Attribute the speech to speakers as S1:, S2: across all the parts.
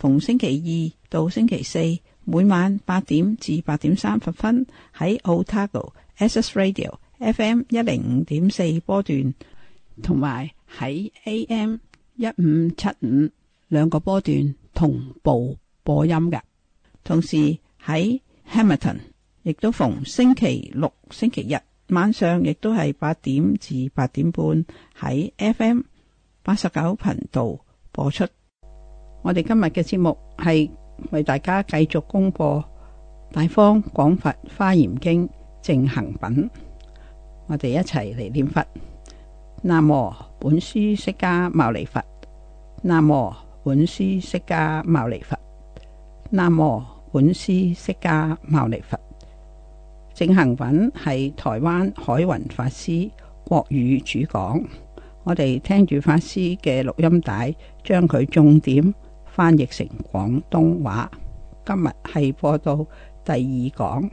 S1: 逢星期二到星期四，每晚八點至八點三十分，喺 Otago SS Radio FM 一零五點四波段，同埋喺 AM 一五七五兩個波段同步播音同時，喺 Hamilton，亦都逢星期六、星期日晚上，亦都係八點至八點半喺 FM 八十九頻道播出。我哋今日嘅節目係為大家繼續公布《大方廣佛華嚴經正行品》，我哋一齊嚟念佛。南無本師釋迦牟尼佛。南無本師釋迦牟尼佛。南無本師釋迦牟尼佛。正行品係台灣海雲法師國語主講，我哋聽住法師嘅錄音帶，將佢重點。翻譯成廣東話，今日係播到第二講，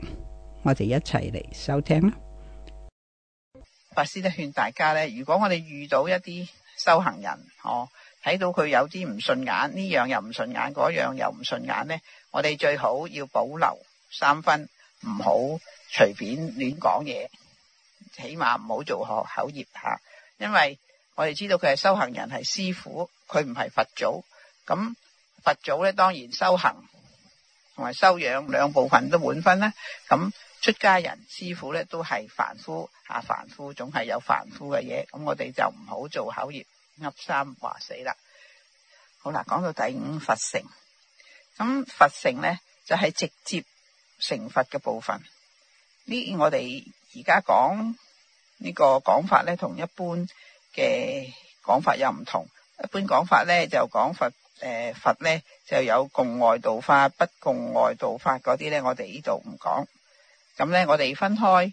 S1: 我哋一齊嚟收聽啦。法師都勸大家呢，如果我哋遇到一啲修行人，哦，睇到佢有啲唔順眼，呢樣又唔順眼，嗰樣又唔順眼呢，我哋最好要保留三分，唔好隨便亂講嘢，起碼唔好做口業吓。因為我哋知道佢係修行人，係師傅，佢唔係佛祖咁。佛祖咧，當然修行同埋修養兩部分都滿分啦。咁出家人師傅咧都係凡夫，啊凡夫總係有凡夫嘅嘢，咁我哋就唔好做口業噏三話四啦。好啦，講到第五佛乘，咁佛乘咧就係直接成佛嘅部分。呢我哋而家講呢個講法咧，同一般嘅講法又唔同。一般講法咧就講佛。誒、呃、佛咧就有共外道法、不共外道法嗰啲咧，我哋呢度唔講。咁咧，我哋分開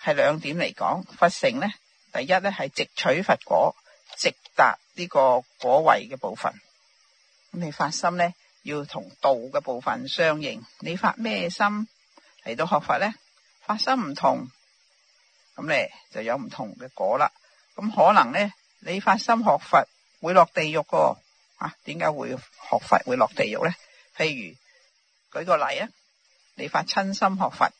S1: 係兩點嚟講。佛性咧，第一咧係直取佛果，直達呢個果位嘅部分。咁你發心咧，要同道嘅部分相應。你發咩心嚟到學佛咧？發心唔同，咁咧就有唔同嘅果啦。咁可能咧，你發心學佛會落地獄喎，哦。啊，點解會學佛會落地獄咧？譬如舉個例啊，你發親心學佛，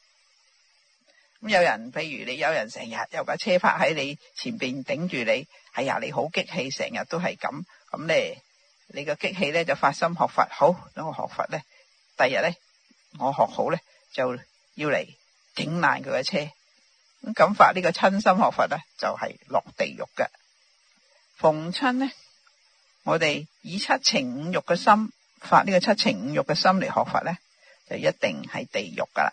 S1: 咁有人譬如你有人成日有架車泊喺你前邊，頂住你，哎呀你好激氣，成日都係咁，咁咧你個激氣咧就發心學佛，好等我學佛咧，第二日咧我學好咧就要嚟頂爛佢架車，咁發呢個親心學佛咧就係、是、落地獄嘅，逢親呢。我哋以七情五欲嘅心發呢個七情五欲嘅心嚟學佛呢，就一定係地獄噶啦。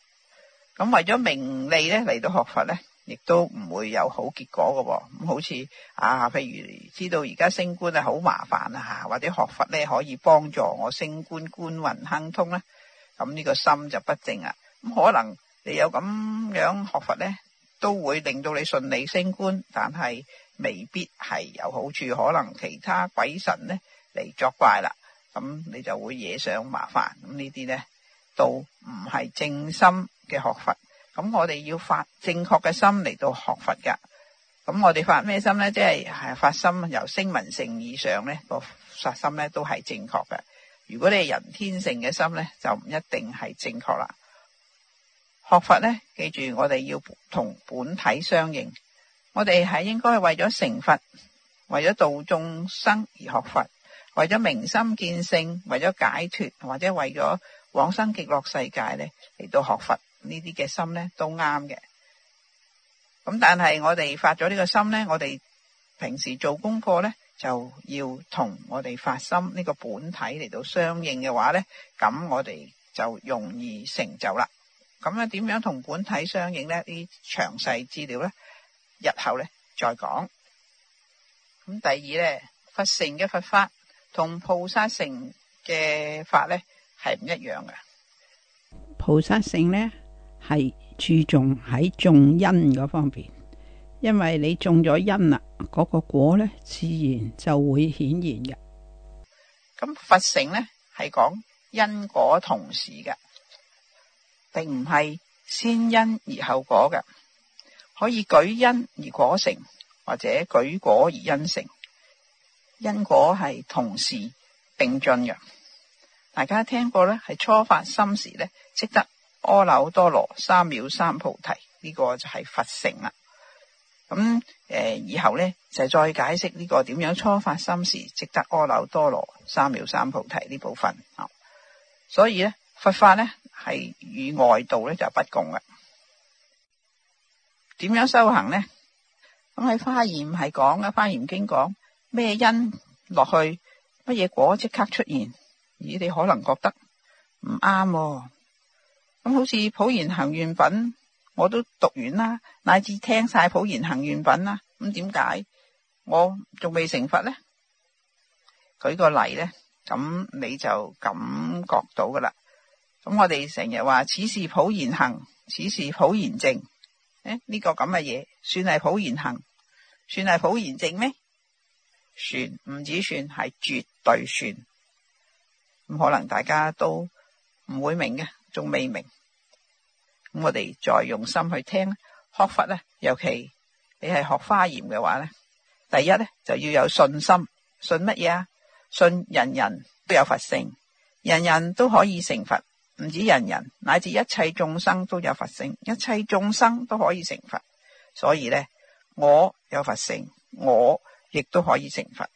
S1: 咁為咗名利呢，嚟到學佛呢，亦都唔會有好結果喎。咁好似啊，譬如知道而家升官係好麻煩啊，或者學佛呢可以幫助我升官，官運亨通呢，咁呢個心就不正啦。咁可能你有咁樣學佛呢，都會令到你順利升官，但係未必係有好處，可能其他鬼神呢嚟作怪啦，咁你就會惹上麻煩。咁呢啲呢都唔係正心嘅學佛。咁我哋要發正確嘅心嚟到學佛噶。咁我哋發咩心呢？即係係發心，由聲聞性以上呢，個發心呢都係正確嘅。如果你係人天性嘅心呢，就唔一定係正確啦。學佛呢，記住我哋要同本體相應。我哋係應該為咗成佛，為咗度眾生而學佛，為咗明心見性，為咗解脱，或者為咗往生極樂世界咧嚟，到學佛這些呢啲嘅心咧都啱嘅。咁但係我哋發咗呢個心咧，我哋平時做功課咧就要同我哋發心呢個本體嚟到相應嘅話咧，咁我哋就容易成就啦。咁啊，點樣同本體相應咧？啲詳細資料咧？日後呢，再講。咁第二呢，佛乘嘅佛法同菩薩乘嘅法呢係唔一樣嘅。菩薩乘呢係注重喺種因嗰方面，因為你種咗因啦，嗰、那個果呢自然就會顯現嘅。咁佛乘呢係講因果同時嘅，並唔係先因而後果嘅。可以舉因而果成，或者舉果而因成，因果係同時並進嘅。大家聽過咧，係初發心時咧，即得阿耨多羅三藐三菩提，呢、這個就係佛成啦。咁、嗯呃、以後咧就再解釋呢、這個點樣初發心時即得阿耨多羅三藐三菩提呢部分、嗯、所以咧，佛法咧係與外道咧就不共嘅。點樣修行呢？咁喺《華嚴》唔係講嘅，《華嚴經講》講咩因落去，乜嘢果即刻出現？咦，你可能覺得唔啱，啊。咁好似《普賢行願品》，我都讀完啦，乃至聽晒《普賢行願品》啦。咁點解我仲未成佛呢？舉個例咧，咁你就感覺到噶啦。咁我哋成日話此是普賢行，此是普賢正。誒，呢個咁嘅嘢，算係普賢行，算係普賢正咩？算，唔止算，係絕對算。咁可能大家都唔會明嘅，仲未明。咁我哋再用心去聽、學佛咧，尤其你係學華嚴嘅話咧，第一咧就要有信心，信乜嘢啊？信人人都有佛性，人人都可以成佛。唔止人人，乃至一切眾生都有佛性，一切眾生都可以成佛。所以咧，我有佛性，我亦都可以成佛。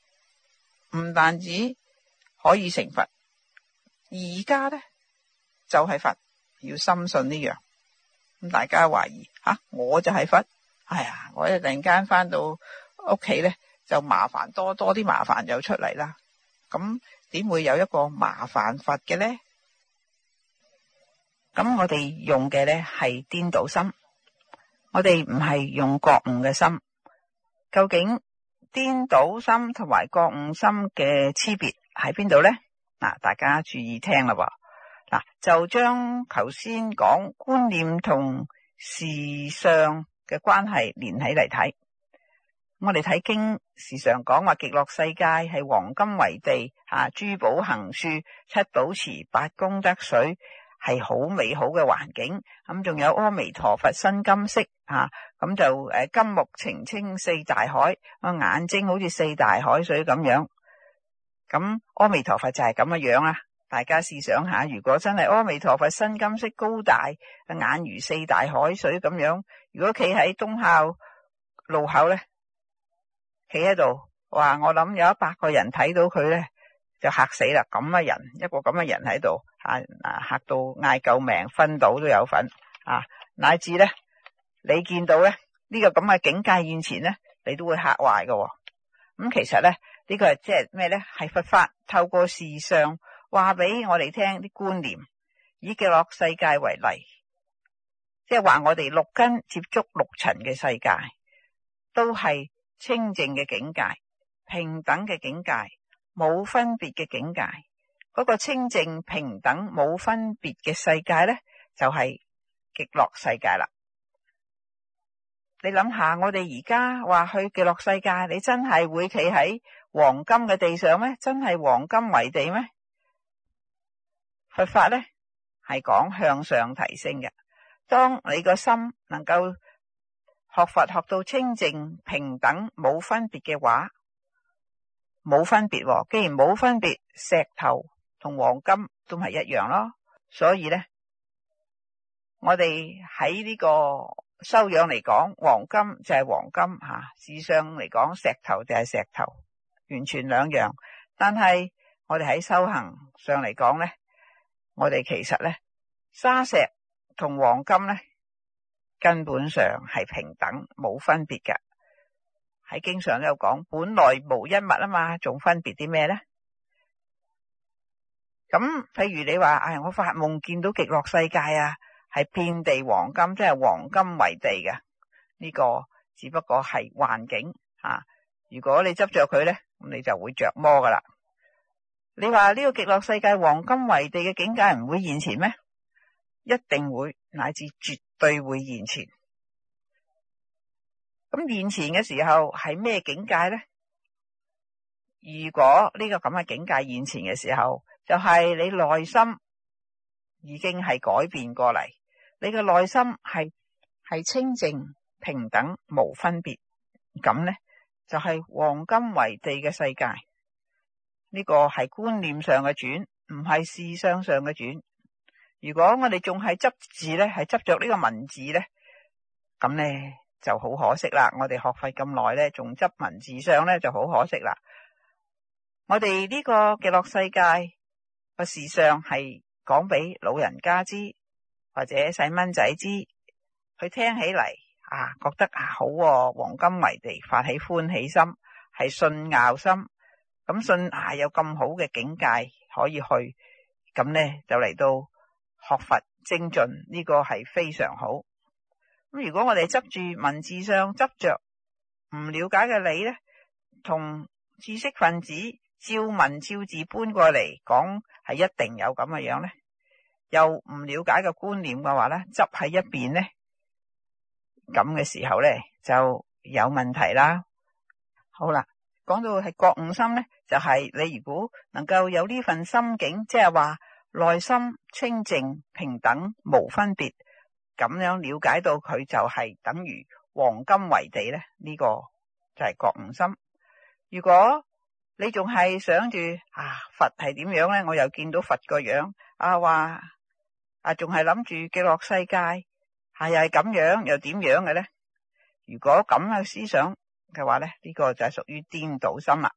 S1: 唔但止可以成佛，而家咧就係佛，要深信呢樣。咁大家懷疑吓、啊，我就係佛。哎呀，我一陣間翻到屋企咧，就麻煩多多啲麻煩就出嚟啦。咁點會有一個麻煩佛嘅咧？咁我哋用嘅呢係顛倒心，我哋唔係用覺悟嘅心。究竟顛倒心同埋覺悟心嘅差別喺邊度呢？嗱，大家注意聽啦！嗱，就將頭先講觀念同事相嘅關係連起嚟睇。我哋睇經時常講話極樂世界係黃金為地，吓珠寶行樹、七寶池、八功德水。係好美好嘅環境，咁仲有阿彌陀佛身金色啊，咁就誒紺目澄清四大海，啊眼睛好似四大海水咁樣，咁阿彌陀佛就係咁嘅樣啦。大家試想下，如果真係阿彌陀佛身金色高大，眼如四大海水咁樣，如果企喺東校路口咧，企喺度，哇！我諗有一百個人睇到佢咧。就吓死啦！咁嘅人，一個咁嘅人喺度吓，吓到嗌救命，瞓到都有份。啊！乃至咧，你見到咧呢、呢個咁嘅境界現前咧，你都會吓壞嘅。咁、嗯、其實咧，呢個、係咩呢個係即係咩咧？係佛法透過事上話俾我哋聽啲觀念，以極樂世界為例，即係話我哋六根接觸六塵嘅世界，都係清淨嘅境界，平等嘅境界。冇分別嘅境界，嗰個清淨平等冇分別嘅世界呢，就係極樂世界啦。你諗下，我哋而家話去極樂世界，你真係會企喺黃金嘅地上咩？真係黃金為地咩？佛法呢係講向上提升嘅，當你個心能夠學佛學到清淨平等冇分別嘅話。冇分別，既然冇分別，石頭同黃金都係一樣咯。所以咧，我哋喺呢個修養嚟講，黃金就係黃金吓；事上嚟講，石頭就係石頭，完全兩樣。但係我哋喺修行上嚟講咧，我哋其實咧，沙石同黃金咧，根本上係平等，冇分別噶。喺經常都有講，本來無一物啊嘛，仲分別啲咩咧？咁譬如你話，唉、哎，我發夢見到極樂世界啊，係遍地黃金，即係黃金為地嘅呢、這個，只不過係幻境啊。如果你執着佢咧，咁你就會着魔噶啦。你話呢個極樂世界黃金為地嘅境界唔會現前咩？一定會，乃至絕對會現前。咁現前嘅時候係咩境界呢？如果呢個咁嘅境界現前嘅時候，就係、是、你內心已經係改變過嚟，你嘅內心係係清淨平等無分別，咁呢，就係、是、黃金為地嘅世界。呢、這個係觀念上嘅轉，唔係思想上嘅轉。如果我哋仲係執字呢，係執着呢個文字呢，咁呢。就好可惜啦！我哋學佛咁耐咧，仲執文字上咧就好可惜啦。我哋呢個極樂世界個事相係講俾老人家知，或者細蚊仔知，佢聽起嚟啊，覺得啊好啊黃金為地，發起歡喜心，係信拗心咁信啊，有咁好嘅境界可以去，咁咧就嚟到學佛精進呢、呢個係非常好。咁如果我哋執住文字上執著唔了解嘅，你咧，同知識分子照文照字搬過嚟講，係一定有咁嘅樣咧。又唔了解嘅觀念嘅話咧，執喺一邊咧，咁嘅時候咧就有問題啦。好啦，講到係覺悟心咧，就係、是、你如果能夠有呢份心境，即係話內心清淨平等無分別。咁樣了解到佢就係等於黃金為地咧，呢個就係覺悟心。如果你仲係想住啊佛係點樣咧，我又見到佛個樣，啊話啊仲係諗住極樂世界，係、啊、又係咁樣又點樣嘅咧？如果咁嘅思想嘅話咧，呢個就係屬於顛倒心啦。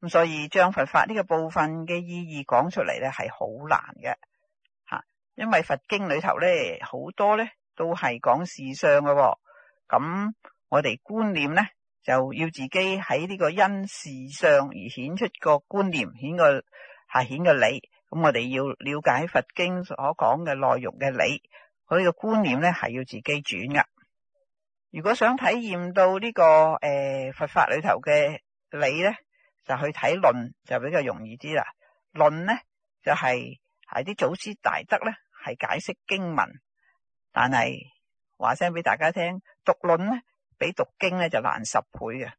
S1: 咁所以將佛法呢個部分嘅意義講出嚟咧，係好難嘅。因為佛經裏頭咧好多咧都係講事相喎。咁我哋觀念咧就要自己喺呢個因事相而顯出個觀念，顯個係顯個理。咁我哋要了解佛經所講嘅內容嘅理，佢、這、呢個觀念咧係要自己轉噶。如果想體驗到呢、這個誒、呃、佛法裏頭嘅理咧，就去睇論就比較容易啲啦。論咧就係係啲祖師大德咧。係解釋經文，但係話聲俾大家聽，讀論咧比讀經咧就難十倍嘅。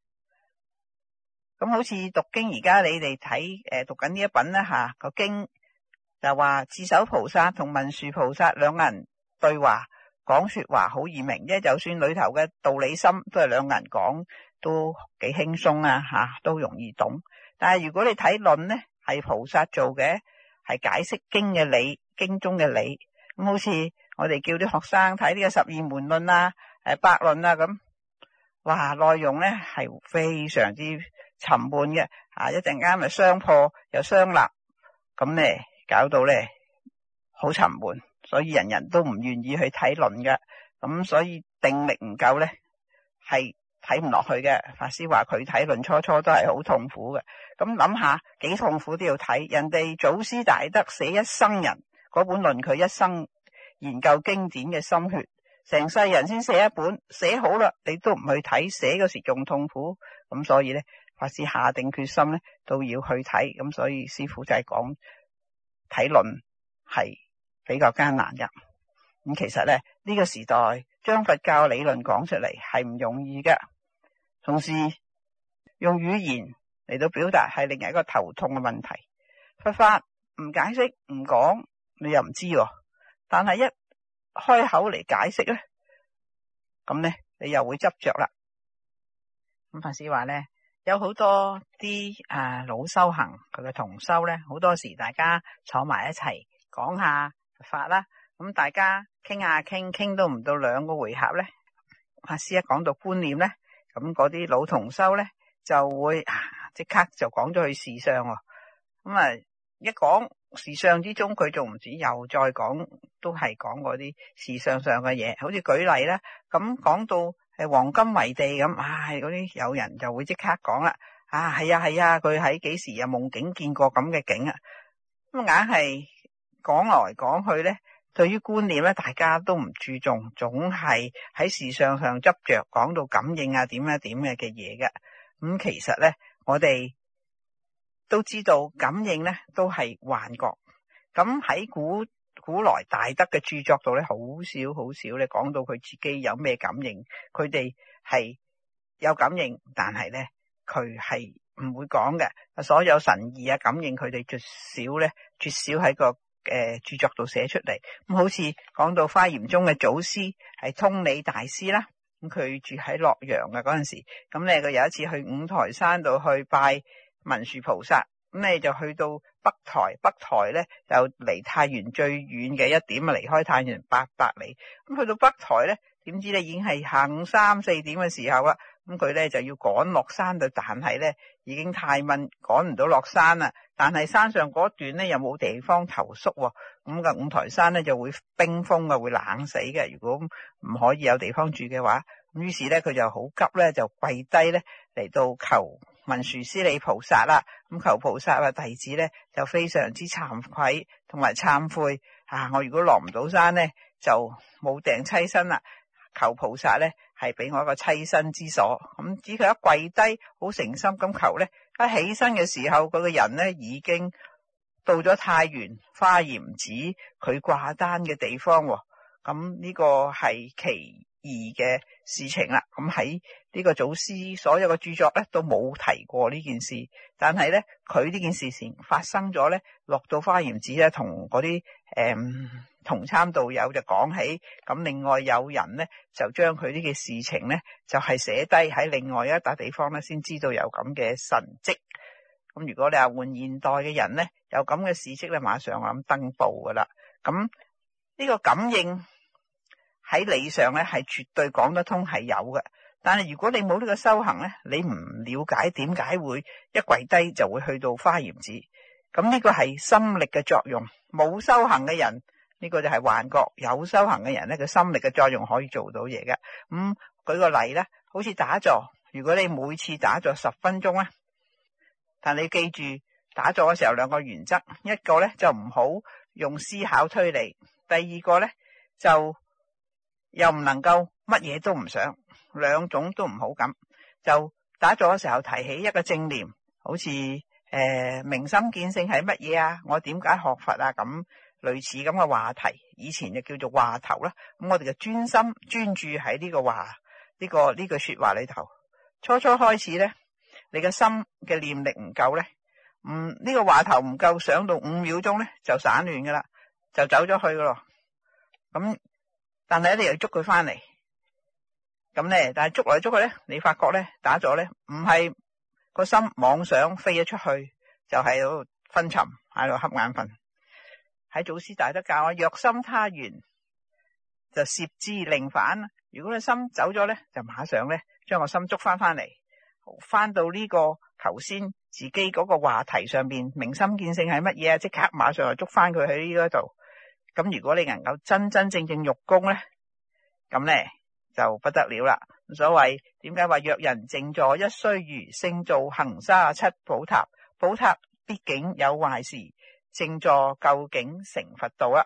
S1: 咁好似讀經，而家你哋睇誒讀緊呢一品呢，吓個經就話智首菩薩同文殊菩薩兩個人對話講說話好易明，即就算裏頭嘅道理深，都係兩個人講都幾輕鬆啊吓，都容易懂。但係如果你睇論咧，係菩薩做嘅，係解釋經嘅理。經中嘅理，咁，好似我哋叫啲學生睇呢個十二門論啦、啊，誒百論啦、啊、咁，哇內容咧係非常之沉悶嘅啊！一陣間咪相破又相立，咁咧搞到咧好沉悶，所以人人都唔願意去睇論嘅。咁所以定力唔夠咧，係睇唔落去嘅。法師話佢睇論初初都係好痛苦嘅。咁諗下幾痛苦都要睇，人哋祖師大德寫一生人。嗰本論佢一生研究經典嘅心血，成世人先寫一本，寫好啦，你都唔去睇，寫嗰時仲痛苦，咁所以呢，法師下定決心呢都要去睇，咁所以師傅就係講體論係比較艱難嘅。咁其實呢，呢個時代將佛教理論講出嚟係唔容易嘅，同時用語言嚟到表達係另一個頭痛嘅問題。佛法唔解釋唔講。不講你又唔知喎，但係一開口嚟解釋咧，咁咧你又會執着啦。咁法師話咧，有好多啲誒、啊、老修行，佢嘅同修咧，好多時大家坐埋一齊講下法啦，咁大家傾下傾，傾都唔到兩個回合咧，法師一講到觀念咧，咁嗰啲老同修咧就會啊、即刻就講咗去事上喎，咁啊一講。時尚之中，佢仲唔止又再講，都係講嗰啲時尚上嘅嘢，好似舉例啦。咁講到係黃金為地咁，啊，嗰啲有人就會即刻講啦，啊，係啊係啊，佢喺幾時有夢境見過咁嘅景啊？咁硬係講來講去咧，對於觀念咧，大家都唔注重，總係喺時尚上執著，講到感應啊，點呀、點呀嘅嘢嘅。咁其實咧，我哋。都知道感應咧都係幻覺，咁喺古古來大德嘅著作度咧，好少好少咧講到佢自己有咩感應，佢哋係有感應，但係咧佢係唔會講嘅。所有神異啊，感應佢哋絕少咧，絕少喺個、呃、著作度寫出嚟。咁好似講到花嚴宗嘅祖師係通理大師啦，咁佢住喺洛陽嘅嗰陣時，咁咧佢有一次去五台山度去拜。文殊菩薩，咁咧就去到北台，北台咧就離太原最遠嘅一點啊，離開太原八百里。咁去到北台咧，點知咧已經係下午三四點嘅時候啦。咁佢咧就要趕落山，但係咧已經太晏，趕唔到落山啦。但係山上嗰段咧又冇地方投宿，咁嘅五台山咧就會冰封啊，會冷死嘅。如果唔可以有地方住嘅話，於是咧佢就好急咧就跪低咧嚟，到求。文殊師利菩薩啦，咁求菩薩啊，弟子咧就非常之慚愧同埋懺悔。吓、啊，我如果落唔到山咧，就冇定棲身啦。求菩薩咧係俾我一個棲身之所。咁只佢一跪低，好誠心咁求咧，一起身嘅時候，嗰個人咧已經到咗太原花嚴寺，佢掛單嘅地方。咁、嗯、呢、這個係奇異嘅。事情啦，咁喺呢個祖師所有嘅著作咧都冇提過呢件事，但係咧佢呢件事情發生咗咧，落到花言子咧同嗰啲，誒，同參道友就講起，咁另外有人咧就將佢呢件事情咧就係、是、寫低喺另外一笪地方咧先知道有咁嘅神跡。咁如果你話換現代嘅人咧，有咁嘅事跡咧，馬上諗登報噶啦。咁呢個感應。喺理上咧，係絕對講得通，係有嘅。但係如果你冇呢個修行咧，你唔了解點解會一跪低就會去到花炎寺。咁呢個係心力嘅作用。冇修行嘅人呢、呢個就係幻覺，有修行嘅人呢，佢心力嘅作用可以做到嘢嘅。咁、嗯、舉個例啦，好似打坐，如果你每次打坐十分鐘啊，但你記住打坐嘅時候有兩個原則，一個咧就唔好用思考推理，第二個咧就。又唔能夠乜嘢都唔想，兩種都唔好咁，就打坐嘅時候提起一個正念，好似誒、呃、明心見性係乜嘢啊？我點解學佛啊？咁類似咁嘅話題，以前就叫做話頭啦。咁我哋就專心專注喺呢個話呢、呢個呢句、呢個、說話裏頭。初初開始咧，你嘅心嘅念力唔夠咧，唔、嗯、呢、呢個話頭唔夠上到五秒鐘咧，就散亂噶啦，就走咗去噶咯。咁。但係一定要捉佢翻嚟，咁咧，但係捉來捉去咧，你發覺咧，打坐咧唔係個心妄想飛咗出去，就喺度昏沉喺度瞌眼瞓。喺祖師大德教我，若心他緣，就攝之令返。如果個心走咗咧，就馬上咧將個心捉翻翻嚟，翻到呢個頭先自己嗰個話題上邊，明心見性係乜嘢？即刻馬上就捉翻佢喺呢度。咁如果你能夠真真正正入功咧，咁咧就不得了啦。所謂點解話若人靜坐一須臾，勝造恒沙七寶塔，寶塔畢竟有壞事，靜坐究竟成佛道啦。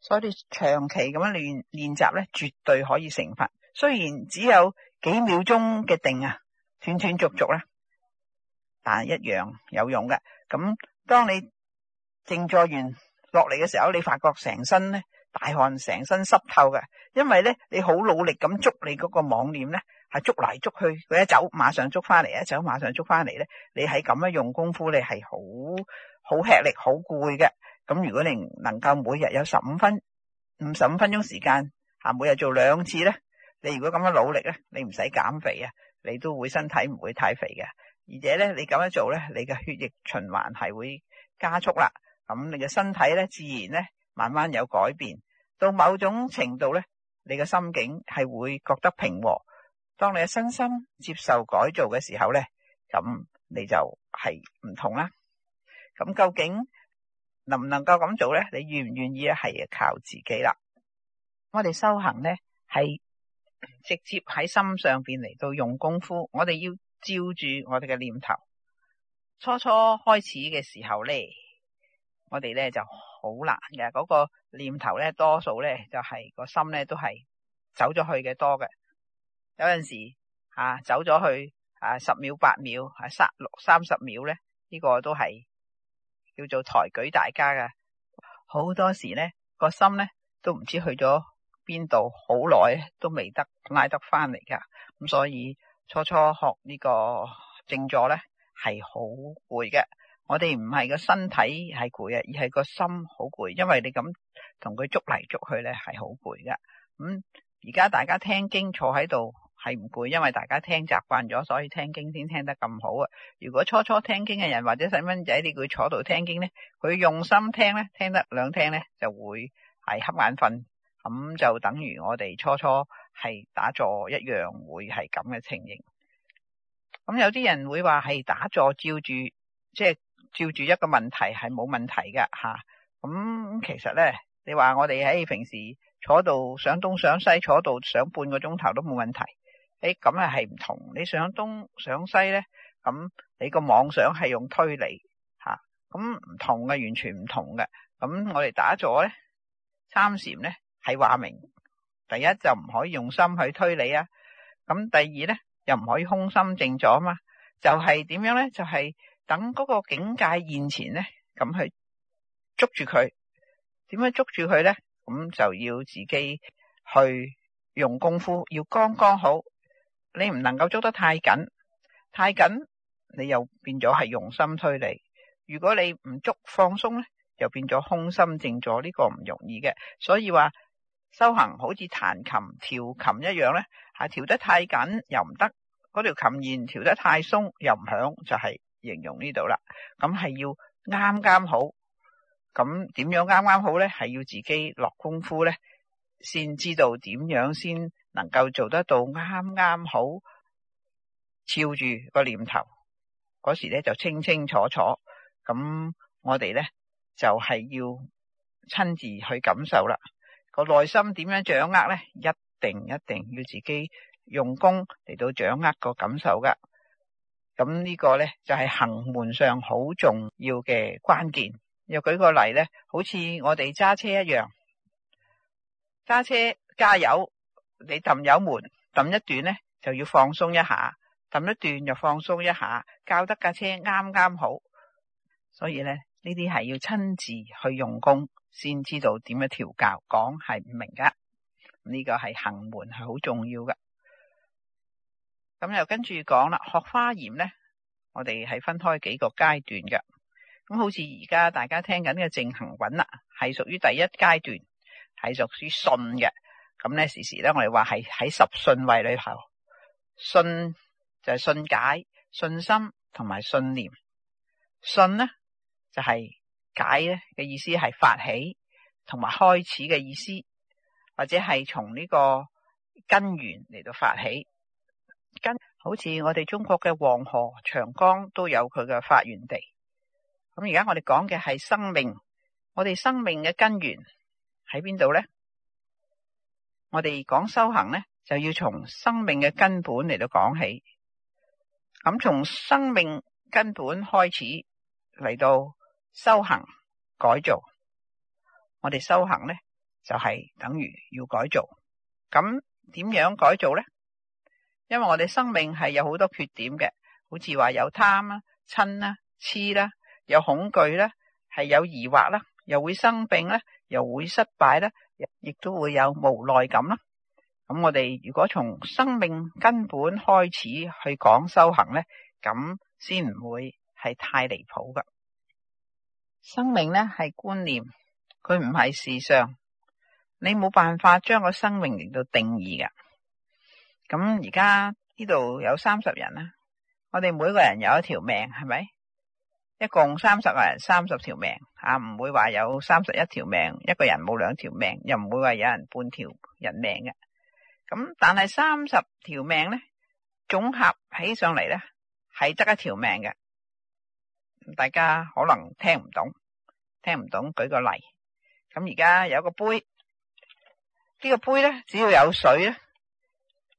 S1: 所以你長期咁樣練練習咧，絕對可以成佛。雖然只有幾秒鐘嘅定啊，斷斷續續啦，但係一樣有用嘅。咁當你靜坐完落嚟嘅時候，你發覺成身咧大汗，成身濕透嘅，因為咧你好努力咁捉你嗰個網鏈咧，係捉嚟捉去，佢一走馬上捉翻嚟，一走馬上捉翻嚟咧，你喺咁樣用功夫，你係好好吃力、好攰嘅。咁如果你能夠每日有十五分五十五分鐘時間吓，每日做兩次咧，你如果咁樣努力咧，你唔使減肥啊，你都會身體唔會太肥嘅。而且咧，你咁樣做咧，你嘅血液循環係會加速啦。咁你嘅身體咧，自然咧慢慢有改變。到某種程度咧，你嘅心境係會覺得平和。當你嘅身心接受改造嘅時候咧，咁你就係唔同啦。咁究竟能唔能夠咁做咧？你願唔願意啊？係靠自己啦。我哋修行咧係直接喺心上面嚟到用功夫。我哋要照住我哋嘅念頭。初初開始嘅時候咧。我哋咧就好難嘅，嗰、那個念頭咧，多數咧就係、是、個心咧都係走咗去嘅多嘅。有陣時啊，走咗去啊十秒、八秒、啊三六三十秒咧，呢、這個都係叫做抬舉大家㗎。好多時咧個心咧都唔知去咗邊度，好耐都未得拉得翻嚟噶。咁所以初初學呢個正座咧係好攰嘅。我哋唔係個身體係攰啊，而係個心好攰，因為你咁同佢捉嚟捉去咧，係好攰噶。咁而家大家聽經坐喺度係唔攰，因為大家聽習慣咗，所以聽經先聽得咁好啊。如果初初聽經嘅人或者細蚊仔，你叫佢坐度聽經咧，佢用心聽咧，聽得兩聽咧就會係黑眼瞓，咁、嗯、就等於我哋初初係打坐一樣，會係咁嘅情形。咁、嗯、有啲人會話係打坐照住即係。照住一個問題係冇問題噶吓，咁、啊，其實咧，你話我哋喺平時坐度想東想西，坐度想半個鐘頭都冇問題。誒、哎，咁啊係唔同，你想東想西咧，咁你個妄想係用推理吓，咁、啊、唔同嘅，完全唔同嘅。咁我哋打坐咧，參禪咧係話明，第一就唔可以用心去推理啊，咁第二咧又唔可以空心靜坐啊嘛，就係、是，點樣咧？就係、是。等嗰個境界現前咧，咁去捉住佢，點樣捉住佢咧？咁就要自己去用功夫，要剛剛好。你唔能夠捉得太緊，太緊你又變咗係用心推理。如果你唔捉放鬆咧，又變咗空心靜坐，呢個唔容易嘅。所以話修行好似彈琴、調琴一樣咧，係調得太緊又唔得，嗰條琴弦調得太鬆又唔響，就係。形容呢度啦，咁係要啱啱好，咁點樣啱啱好呢？係要自己落功夫呢，先知道點樣先能夠做得到啱啱好，照住個念頭嗰時呢就清清楚楚。咁我哋呢，就係、是、要親自去感受啦，個內心點樣掌握呢？一定一定要自己用功嚟到掌握個感受噶。咁呢個咧就係、是、行門上好重要嘅關鍵。又舉個例咧，好似我哋揸車一樣，揸車加油，你抌油門抌一段咧就要放鬆一下，抌一段就放鬆一下，教得架車啱啱好。所以咧呢啲係要親自去用功，先知道點樣調教，講係唔明㗎。呢、這個係行門係好重要㗎。咁又跟住講啦，學華嚴咧，我哋係分開幾個階段嘅。咁好似而家大家聽緊嘅淨行品啦、啊，係屬於第一階段，係屬於信嘅。咁咧時時咧，我哋話係喺十信位裏頭，信就係信解、信心同埋信念。信咧就係、是、解咧嘅意思係發起同埋開始嘅意思，或者係從呢個根源嚟到發起。跟好似我哋中國嘅黃河、長江都有佢嘅發源地。咁而家我哋講嘅係生命，我哋生命嘅根源喺邊度呢？我哋講修行呢，就要從生命嘅根本嚟到講起。咁從生命根本開始嚟到修行改造，我哋修行呢就係等於要改造。咁點樣改造呢？因為我哋生命係有好多缺點嘅，好似話有貪啦、嗔啦、痴啦，有恐懼啦，係有疑惑啦，又會生病啦，又會失敗啦，亦都會有無奈感啦。咁我哋如果從生命根本開始去講修行咧，咁先唔會係太離譜噶。生命咧係觀念，佢唔係事相，你冇辦法將個生命嚟到定義噶。咁而家呢度有三十人啦，我哋每個人有一條命，係咪？一共三十個人，三十條命，吓，唔會話有三十一條命，一個人冇兩條命，又唔會話有人半條人命嘅。咁但係三十條命呢，總合起上嚟呢，係得一條命嘅。大家可能聽唔懂，聽唔懂，舉個例。咁而家有個杯，呢個杯呢，只要有水咧。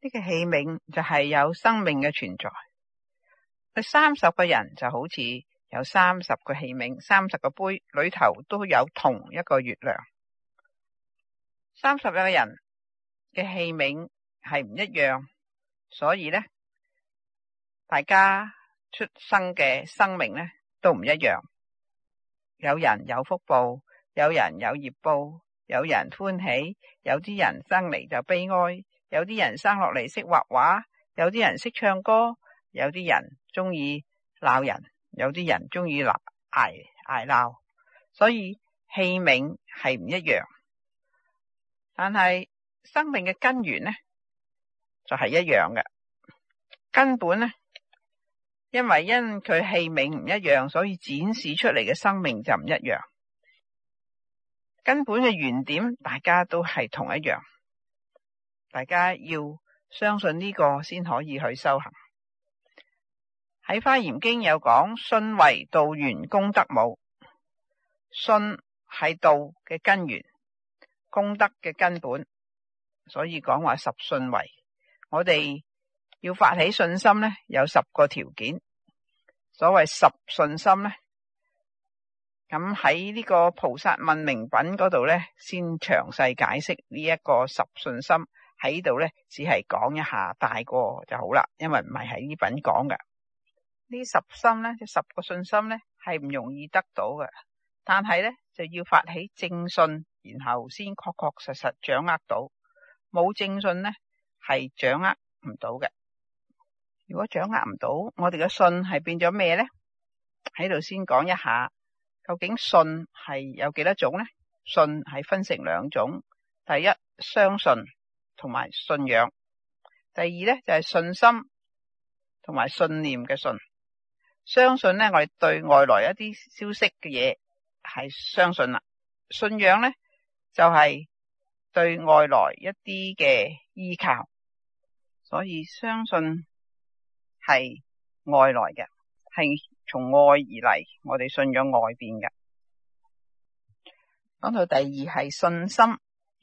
S1: 呢個器皿就係有生命嘅存在。三十個人就好似有三十個器皿，三十個杯裏頭都有同一個月亮。三十個人嘅器皿係唔一樣，所以呢，大家出生嘅生命呢都唔一樣。有人有福報，有人有業報，有人歡喜，有啲人生嚟就悲哀。有啲人生落嚟識畫畫，有啲人識唱歌，有啲人鍾意鬧人，有啲人鍾意鬧挨挨鬧，所以器皿係唔一樣。但係生命嘅根源呢，就係、是、一樣嘅根本呢？因為因佢器皿唔一樣，所以展示出嚟嘅生命就唔一樣。根本嘅原點，大家都係同一樣。大家要相信呢個先可以去修行。喺《華嚴經》有講，信為道源，功德母。信係道嘅根源，功德嘅根本。所以講話十信為，我哋要發起信心呢，有十個條件。所謂十信心呢，咁喺呢個《菩薩問明品》嗰度呢，先詳細解釋呢一個十信心。喺度咧，只係講一下大個就好啦，因為唔係喺呢份講噶。呢十心咧，即十個信心咧，係唔容易得到嘅。但係咧，就要發起正信，然後先確確實實掌握到。冇正信咧，係掌握唔到嘅。如果掌握唔到，我哋嘅信係變咗咩咧？喺度先講一下，究竟信係有幾多種咧？信係分成兩種，第一相信。同埋信仰，第二咧就係信心同埋信念嘅信。相信咧，我哋對外來一啲消息嘅嘢，係相信啦。信仰咧就係對外來一啲嘅依靠，所以相信係外來嘅，係從外而嚟，我哋信仰外邊嘅。講到第二係信心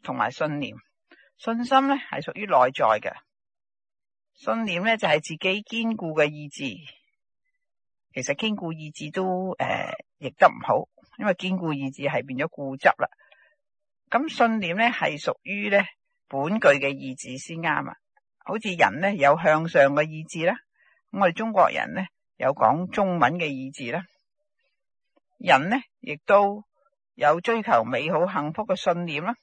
S1: 同埋信念。信心咧係屬於內在嘅，信念咧就係、是、自己堅固嘅意志。其實堅固意志都誒亦、呃、得唔好，因為堅固意志係變咗固執啦。咁信念咧係屬於咧本具嘅意志先啱啊。好似人咧有向上嘅意志啦，我哋中國人咧有講中文嘅意志啦，人咧亦都有追求美好幸福嘅信念啦，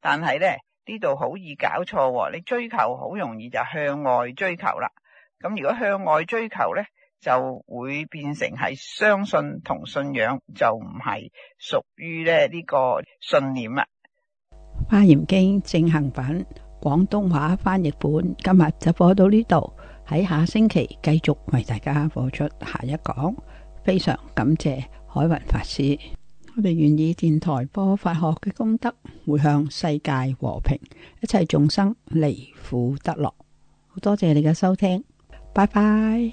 S1: 但係咧。呢度好易搞錯喎，你追求好容易就向外追求啦。咁如果向外追求呢，就會變成係相信同信仰，就唔係屬於咧呢個信念啦。《華嚴經》正行品廣東話翻譯本，今日就播到呢度，喺下星期繼續為大家播出下一講。非常感謝海雲法師。我哋願意電台播佛學嘅功德，回向世界和平，一切眾生離苦得樂。好多謝你嘅收聽，拜拜。